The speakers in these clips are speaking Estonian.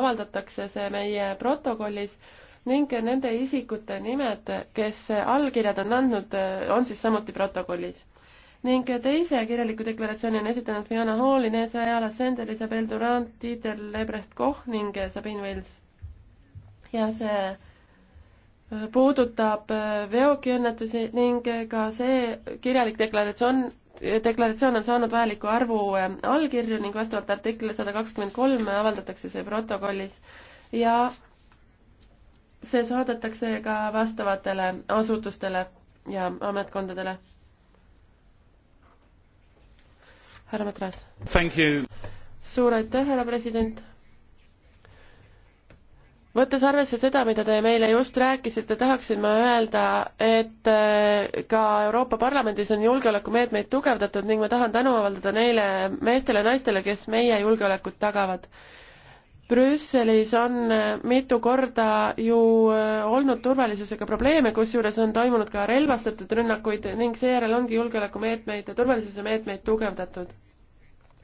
avaldatakse see meie protokollis ning nende isikute nimed, kes allkirjad on andnud, on siis samuti protokollis. ning teise kirjaliku deklaratsiooni on esitanud Fiona Hall, Ines Ajala, Sender, Isabel Durand, Tiitel Lebrecht Koch ning Sabine Wils. ja see puudutab äh, veokiõnnetusi ning äh, ka see kirjalik deklaratsioon, deklaratsioon on saanud vajaliku arvu äh, allkirju ning vastavalt artiklile sada kakskümmend kolm avaldatakse see protokollis ja see saadetakse ka vastavatele asutustele ja ametkondadele. härra Matras. suur aitäh, härra president võttes arvesse seda, mida te meile just rääkisite, tahaksin ma öelda, et äh, ka Euroopa Parlamendis on julgeolekumeetmeid tugevdatud ning ma tahan tänu avaldada neile meestele ja naistele, kes meie julgeolekut tagavad. Brüsselis on äh, mitu korda ju äh, olnud turvalisusega probleeme, kusjuures on toimunud ka relvastatud rünnakuid ning seejärel ongi julgeolekumeetmeid ja turvalisuse meetmeid tugevdatud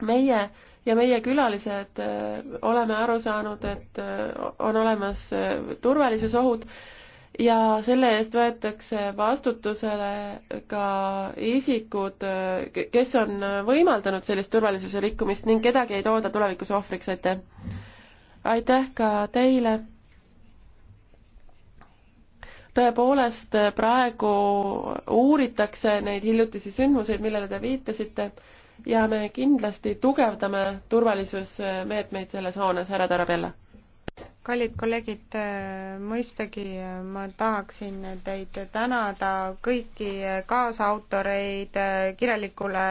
meie ja meie külalised äh, oleme aru saanud, et äh, on olemas äh, turvalisusohud ja selle eest võetakse vastutusele ka isikud, kes on võimaldanud sellist turvalisuse rikkumist ning kedagi ei tooda tulevikus ohvriks, aitäh! aitäh ka teile! tõepoolest, praegu uuritakse neid hiljutisi sündmuseid, millele te viitasite ja me kindlasti tugevdame turvalisusmeetmeid selles hoones, härra Tarabella. kallid kolleegid, mõistagi ma tahaksin teid tänada kõiki kaasautoreid kirjalikule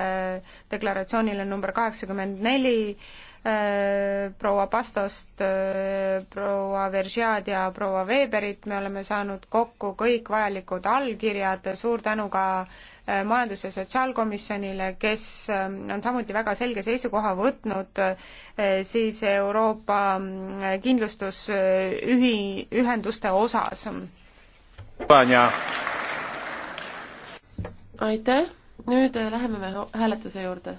deklaratsioonile number kaheksakümmend neli, Äh, proua Pastost, äh, proua Veržiad ja proua Weberit, me oleme saanud kokku kõik vajalikud allkirjad, suur tänu ka äh, majandus- ja sotsiaalkomisjonile, kes on samuti väga selge seisukoha võtnud siis Euroopa kindlustusühi, ühenduste osas. aitäh, nüüd läheme me hääletuse juurde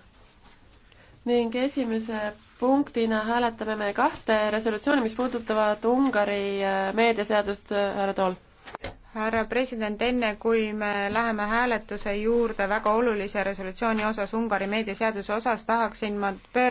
ning esimese punktina hääletame me kahte resolutsiooni, mis puudutavad Ungari äh, meediaseadust, äh, härra Tool. härra president, enne kui me läheme hääletuse juurde väga olulise resolutsiooni osas, Ungari meediaseaduse osas, tahaksin ma pöörata